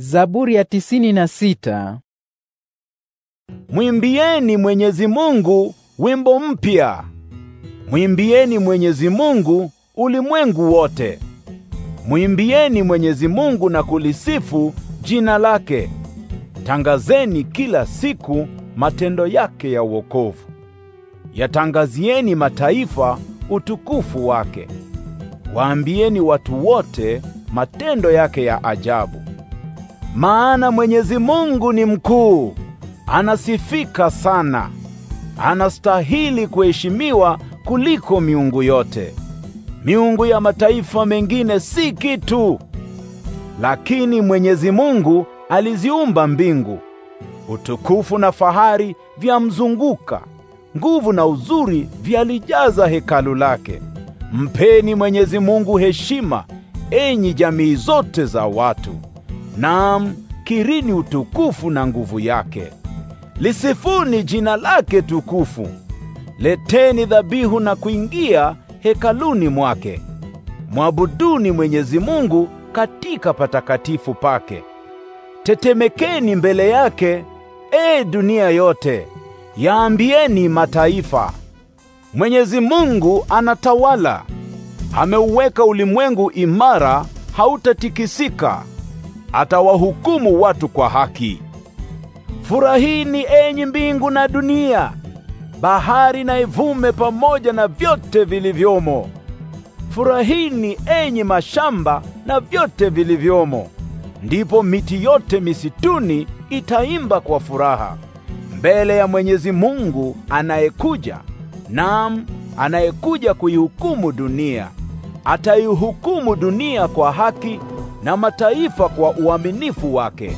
Zaburi ya tisini na sita. Mwimbieni Mwenyezi Mungu wimbo mpya. Mwimbieni Mwenyezi Mungu ulimwengu wote. Mwimbieni Mwenyezi Mungu na kulisifu jina lake. Tangazeni kila siku matendo yake ya wokovu. Yatangazieni mataifa utukufu wake. Waambieni watu wote matendo yake ya ajabu maana Mwenyezi Mungu ni mkuu, anasifika sana, anastahili kuheshimiwa kuliko miungu yote. Miungu ya mataifa mengine si kitu, lakini Mwenyezi Mungu aliziumba mbingu. Utukufu na fahari vyamzunguka, nguvu na uzuri vyalijaza hekalu lake. Mpeni Mwenyezi Mungu heshima, enyi jamii zote za watu. Naam, kirini utukufu na nguvu yake. Lisifuni jina lake tukufu. Leteni dhabihu na kuingia hekaluni mwake. Mwabuduni Mwenyezi Mungu katika patakatifu pake. Tetemekeni mbele yake, e dunia yote. Yaambieni mataifa, Mwenyezi Mungu anatawala. Ameuweka ulimwengu imara, hautatikisika atawahukumu watu kwa haki. Furahini enyi mbingu na dunia, bahari na ivume pamoja na vyote vilivyomo. Furahini enyi mashamba na vyote vilivyomo. Ndipo miti yote misituni itaimba kwa furaha mbele ya Mwenyezi Mungu anayekuja, naam, anayekuja kuihukumu dunia. Ataihukumu dunia kwa haki na mataifa kwa uaminifu wake.